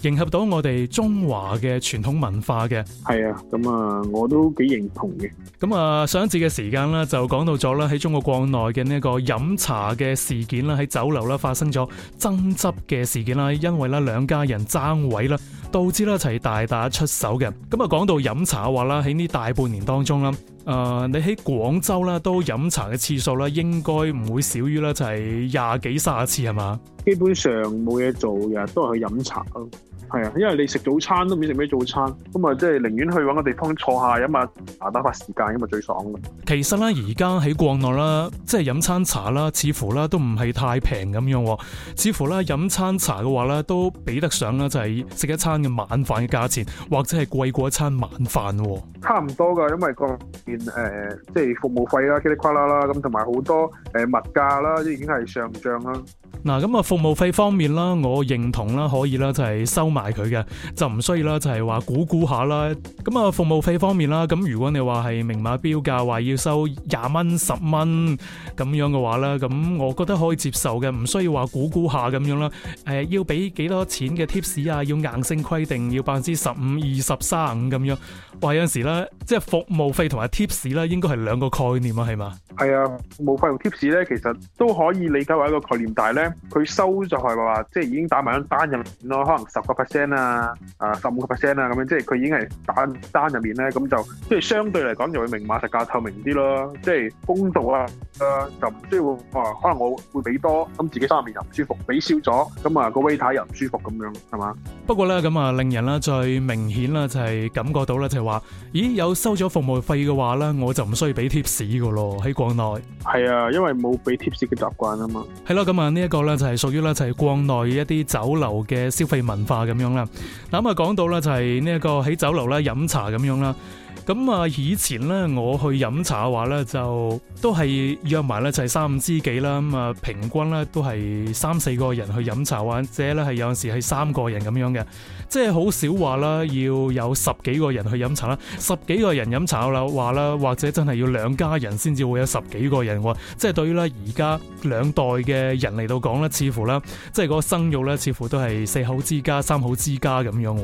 是、迎合到我哋中華嘅傳統文化嘅。係啊，咁啊，我都幾認同嘅。咁啊，上一節嘅時間啦，就講到咗啦，喺中國國內嘅呢個飲茶嘅事件啦，喺酒樓啦發生咗爭執嘅事件啦，因為啦兩家人爭。位啦，導致啦就係大打出手嘅。咁啊，講到飲茶嘅話啦，喺呢大半年當中啦，誒、呃，你喺廣州啦都飲茶嘅次數啦，應該唔會少於啦，就係廿幾卅次係嘛？基本上冇嘢做，嘅，都係去飲茶咯。係啊，因為你食早餐都唔知食咩早餐，咁啊即係寧願去搵個地方坐下飲啊嘛，啊打發時間咁嘛最爽嘅。其實咧，而家喺國內啦，即係飲餐茶啦，似乎啦都唔係太平咁樣，似乎啦飲餐茶嘅話咧，都比得上啦，就係食一餐嘅晚飯嘅價錢，或者係貴過一餐晚飯。差唔多噶，因為國內誒即係服務費啦，嘰里啦啦咁，同埋好多誒物價啦，都已經係上漲啦。嗱咁啊，服務費方面啦，我認同啦，可以啦，就係收埋佢嘅，就唔需要啦，就係話估估下啦。咁啊，服務費方面啦，咁如果你話係明碼標價，話要收廿蚊、十蚊咁樣嘅話啦，咁我覺得可以接受嘅，唔需要話估估下咁樣啦。誒，要俾幾多錢嘅 tips 啊？要硬性規定要百分之十五、二十、三十五咁樣？話有時咧，即係服務費同埋 tips 咧，應該係兩個概念啊，係嘛？係啊，服務費同 tips 咧，其實都可以理解為一個概念，但係咧。佢收就係話，即係已經打埋喺單入面咯，可能十個 percent 啊，呃、啊十五個 percent 啊咁樣，即係佢已經係打喺單入面咧，咁就即係相對嚟講就會明碼實價透明啲咯，即係公道啊，啊就唔需要話，可能我會俾多，咁自己心入面又唔舒服，俾少咗，咁、那、啊個 waiter 又唔舒服咁樣，係嘛？不過咧咁啊，令人咧最明顯啦，就係感覺到啦，就係話，咦有收咗服務費嘅話咧，我就唔需要俾貼士㗎咯喺國內。係啊，因為冇俾貼士嘅習慣啊嘛。係咯、啊，咁啊呢一個。就係屬於啦，就係國內一啲酒樓嘅消費文化咁樣啦。咁啊講到啦，就係呢一個喺酒樓啦飲茶咁樣啦。咁啊，以前咧，我去飲茶嘅話咧，就都係約埋咧，就係三五知己啦。咁啊，平均咧都係三四個人去飲茶，或者咧係有陣時係三個人咁樣嘅，即係好少話啦，要有十幾個人去飲茶啦，十幾個人飲茶啦，話啦，或者真係要兩家人先至會有十幾個人，即係對於咧而家兩代嘅人嚟到講咧，似乎咧即係嗰個生育咧，似乎都係四口之家、三口之家咁樣。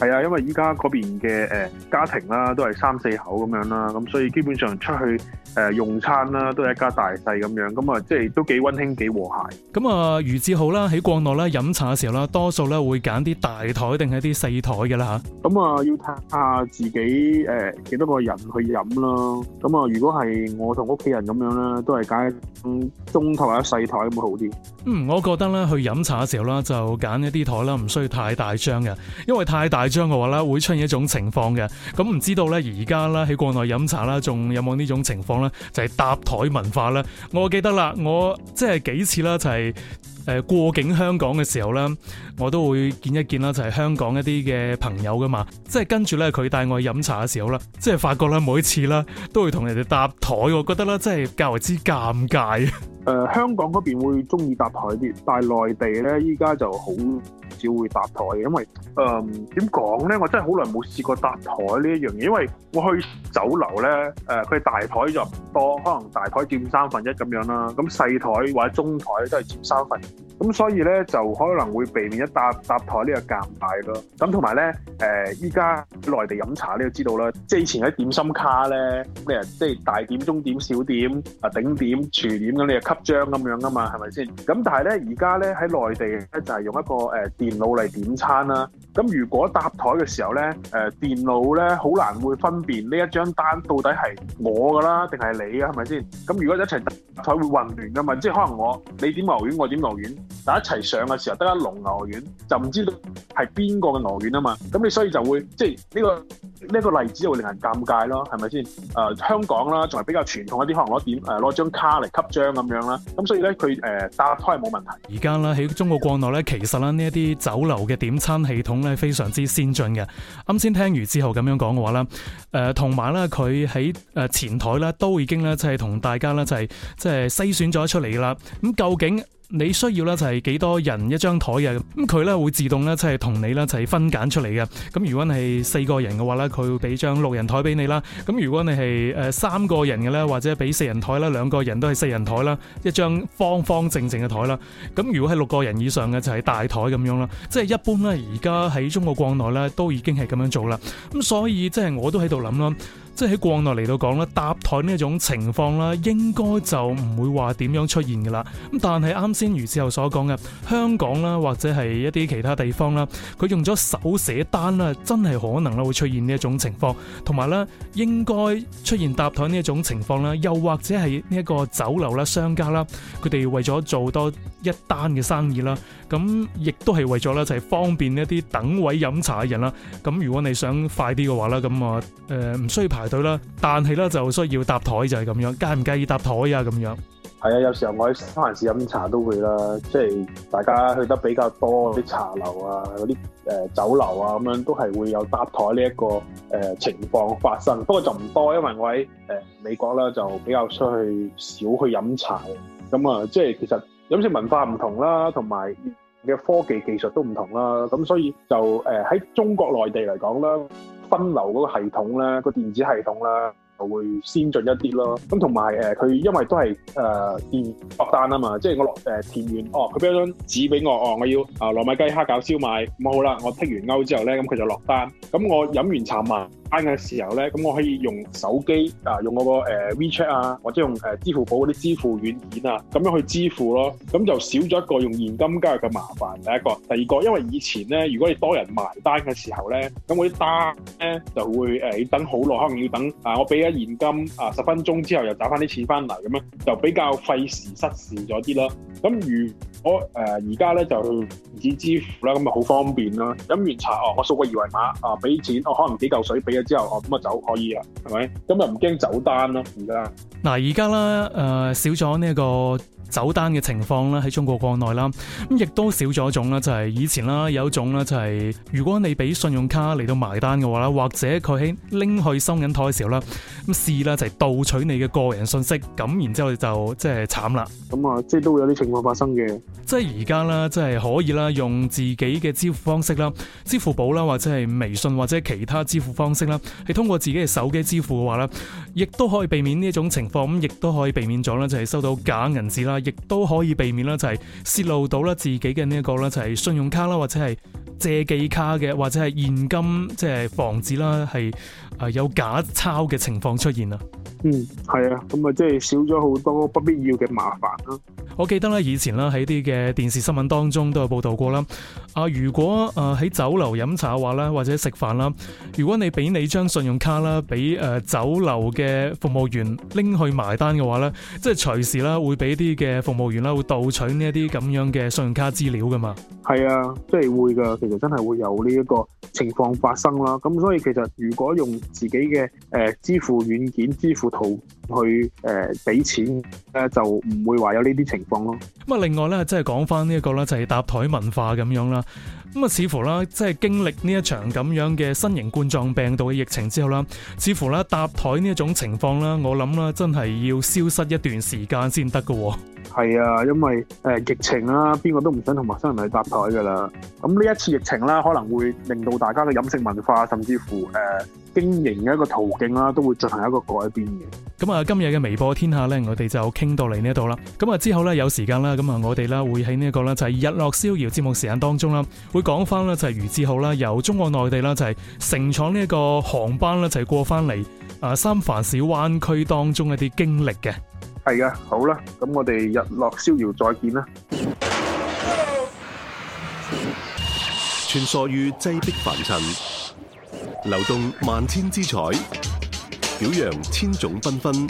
係啊，因為依家嗰邊嘅誒家庭啦，都係三四口咁樣啦，咁所以基本上出去誒用餐啦，都係一家大細咁樣，咁啊即係都幾温馨幾和諧。咁啊、嗯，俞志浩啦，喺國內咧飲茶嘅時候啦，多數咧會揀啲大台定係啲細台嘅啦嚇？咁啊，要睇下自己誒幾多個人去飲啦。咁啊，如果係我同屋企人咁樣啦，都係揀中台或者細台咁會好啲。嗯，我覺得咧去飲茶嘅時候啦，就揀一啲台啦，唔需要太大張嘅，因為太大。張嘅話咧，會出現一種情況嘅。咁唔知道咧，而家啦喺國內飲茶啦，仲有冇呢種情況咧？就係搭台文化啦。我記得啦，我即係幾次啦，就係誒過境香港嘅時候咧，我都會見一見啦，就係香港一啲嘅朋友噶嘛。即係跟住咧，佢帶我去飲茶嘅時候咧，即係發覺咧，每一次啦，都會同人哋搭台，我覺得咧，即係較為之尷尬。誒、呃，香港嗰邊會中意搭台啲，但係內地咧，依家就好。少會搭台嘅，因為誒點講咧，我真係好耐冇試過搭台呢一樣嘢，因為我去酒樓咧，誒、呃、佢大台就唔多，可能大台佔三分一咁樣啦，咁、嗯、細台或者中台都係佔三分一，咁、嗯、所以咧就可能會避免一搭搭台呢個尷尬咯。咁同埋咧誒，依家喺內地飲茶你都知道啦，即係以前喺點心卡咧，你啊即係大點、中點、小點啊頂點、廚點咁，你啊吸張咁樣噶嘛，係咪先？咁但係咧，而家咧，喺內地咧就係用一個誒、呃電腦嚟點餐啦，咁如果搭台嘅時候咧，誒、呃、電腦咧好難會分辨呢一張單到底係我㗎啦定係你啊，係咪先？咁如果一齊搭台會混亂㗎嘛，即係可能我你點牛丸，我點牛丸，但一齊上嘅時候得一籠牛丸，就唔知道係邊個嘅牛丸啊嘛，咁你所以就會即係呢、這個呢、這個例子就會令人尷尬咯，係咪先？誒、呃、香港啦，仲係比較傳統一啲，可能我點誒攞張卡嚟吸章咁樣啦，咁所以咧佢誒搭台冇問題。而家咧喺中國國內咧，其實咧呢一啲。酒樓嘅點餐系統咧非常之先進嘅，啱先聽完之後咁樣講嘅話啦，誒同埋咧佢喺誒前台咧都已經咧即係同大家咧就係即係篩選咗出嚟啦，咁究竟，你需要咧就係幾多人一張台嘅，咁佢咧會自動咧即係同你咧就係分揀出嚟嘅。咁如果你係四個人嘅話咧，佢會俾張六人台俾你啦。咁如果你係誒三個人嘅咧，或者俾四人台啦，兩個人都係四人台啦，一張方方正正嘅台啦。咁如果係六個人以上嘅就係大台咁樣啦。即係一般咧，而家喺中國國內咧都已經係咁樣做啦。咁所以即係我都喺度諗啦。即係喺國內嚟到講咧，搭台呢一種情況啦，應該就唔會話點樣出現嘅啦。咁但係啱先，俞志浩所講嘅香港啦，或者係一啲其他地方啦，佢用咗手寫單啦，真係可能咧會出現呢一種情況，同埋咧應該出現搭台呢一種情況啦。又或者係呢一個酒樓啦、商家啦，佢哋為咗做多一單嘅生意啦，咁亦都係為咗咧就係方便一啲等位飲茶嘅人啦。咁如果你想快啲嘅話啦，咁啊誒唔需要排排隊啦，但係咧就需要搭台就係咁樣，介唔介意搭台啊？咁樣係啊，有時候我喺三藩市飲茶都會啦，即係大家去得比較多啲茶樓啊，啲誒酒樓啊，咁樣都係會有搭台呢、這、一個誒、呃、情況發生。不過就唔多，因為我喺誒、呃、美國咧就比較出去少去飲茶，咁啊，即係其實飲食文化唔同啦，同埋嘅科技技術都唔同啦，咁所以就誒喺、呃、中國內地嚟講啦。分流嗰個系統啦，個電子系統啦。就會先進一啲咯，咁同埋誒佢因為都係誒、呃、電落單啊嘛，即、就、係、是、我落誒點完，哦佢俾張紙俾我，哦我要啊糯米雞、蝦、呃、餃、燒賣，咁、嗯、好啦，我剔完勾之後咧，咁、嗯、佢就落單，咁、嗯、我飲完茶埋單嘅時候咧，咁、嗯、我可以用手機啊，用我個誒、呃、WeChat 啊，或者用誒、呃、支付寶嗰啲支付軟件啊，咁樣去支付咯，咁、嗯、就少咗一個用現金交易嘅麻煩，第一個，第二個，因為以前咧，如果你多人埋單嘅時候咧，咁嗰啲單咧就會誒等好耐，可能要等啊，我俾現金啊，十分鐘之後又找翻啲錢翻嚟咁樣，就比較費時失事咗啲啦。咁、啊、如果誒而家咧就唔止支付啦，咁啊好方便啦。飲、啊、完茶哦、啊，我掃個二維碼啊，俾錢，我、啊、可能幾嚿水俾咗之後哦，咁啊走可以啊，係咪？咁又唔驚走單啦，而家。嗱，而家咧誒少咗呢個走單嘅情況啦，喺中國國內啦，咁亦都少咗一種啦，就係以前啦有一種啦，就係如果你俾信用卡嚟到埋單嘅話啦，或者佢喺拎去收銀台嘅時候啦。試啦，就係、是、盜取你嘅個人信息，咁然之後就即係慘啦。咁、就、啊、是，即係都會有啲情況發生嘅。即係而家啦，即、就、係、是、可以啦，用自己嘅支付方式啦，支付寶啦，或者係微信或者其他支付方式啦，係通過自己嘅手機支付嘅話咧，亦都可以避免呢一種情況。咁亦都可以避免咗啦，就係收到假銀紙啦，亦都可以避免啦，就係泄露到啦自己嘅呢一個啦，就係信用卡啦，或者係。借記卡嘅或者係現金，即係防止啦，係誒、呃、有假鈔嘅情況出現啦。嗯，係啊，咁啊，即係少咗好多不必要嘅麻煩啦。我記得咧，以前啦，喺啲嘅電視新聞當中都有報道過啦。啊，如果誒喺酒樓飲茶嘅話咧，或者食飯啦，如果你俾你張信用卡啦，俾誒酒樓嘅服務員拎去埋單嘅話咧，即係隨時啦會俾啲嘅服務員啦，會盜取呢一啲咁樣嘅信用卡資料噶嘛。係啊，即係會噶，其實真係會有呢一個情況發生啦。咁所以其實如果用自己嘅誒支付軟件支付，套去誒俾錢咧，就唔會話有呢啲情況咯。咁啊，另外咧，即係講翻呢一個啦，就係搭枱文化咁樣啦。咁啊，似乎啦，即係經歷呢一場咁樣嘅新型冠狀病毒嘅疫情之後啦，似乎啦搭台呢一種情況啦，我諗啦真係要消失一段時間先得噶。係啊，因為誒、呃、疫情啦，邊個都唔想同陌生人去搭台噶啦。咁、嗯、呢一次疫情啦，可能會令到大家嘅飲食文化，甚至乎誒、呃、經營嘅一個途徑啦，都會進行一個改變嘅。咁啊、嗯，今日嘅微播天下咧，我哋就傾到嚟呢一度啦。咁、嗯、啊，之後咧有時間啦，咁、嗯、啊我哋啦會喺呢一個咧就係、是、日落逍遙節目時間當中啦。會講翻啦，就係、是、余志浩啦，由中國內地啦，就係乘坐呢一個航班啦，就係、是、過翻嚟誒三藩市灣區當中一啲經歷嘅。係啊，好啦，咁我哋日落逍遙再見啦。穿梭於擠逼凡塵，流動萬千之彩，表揚千種繽紛，紛。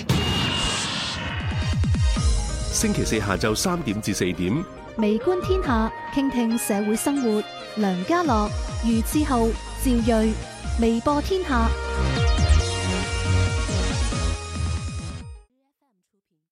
星期四下晝三點至四點，微播天下，傾聽社會生活。梁嘉樂、俞志浩、趙睿，微播天下。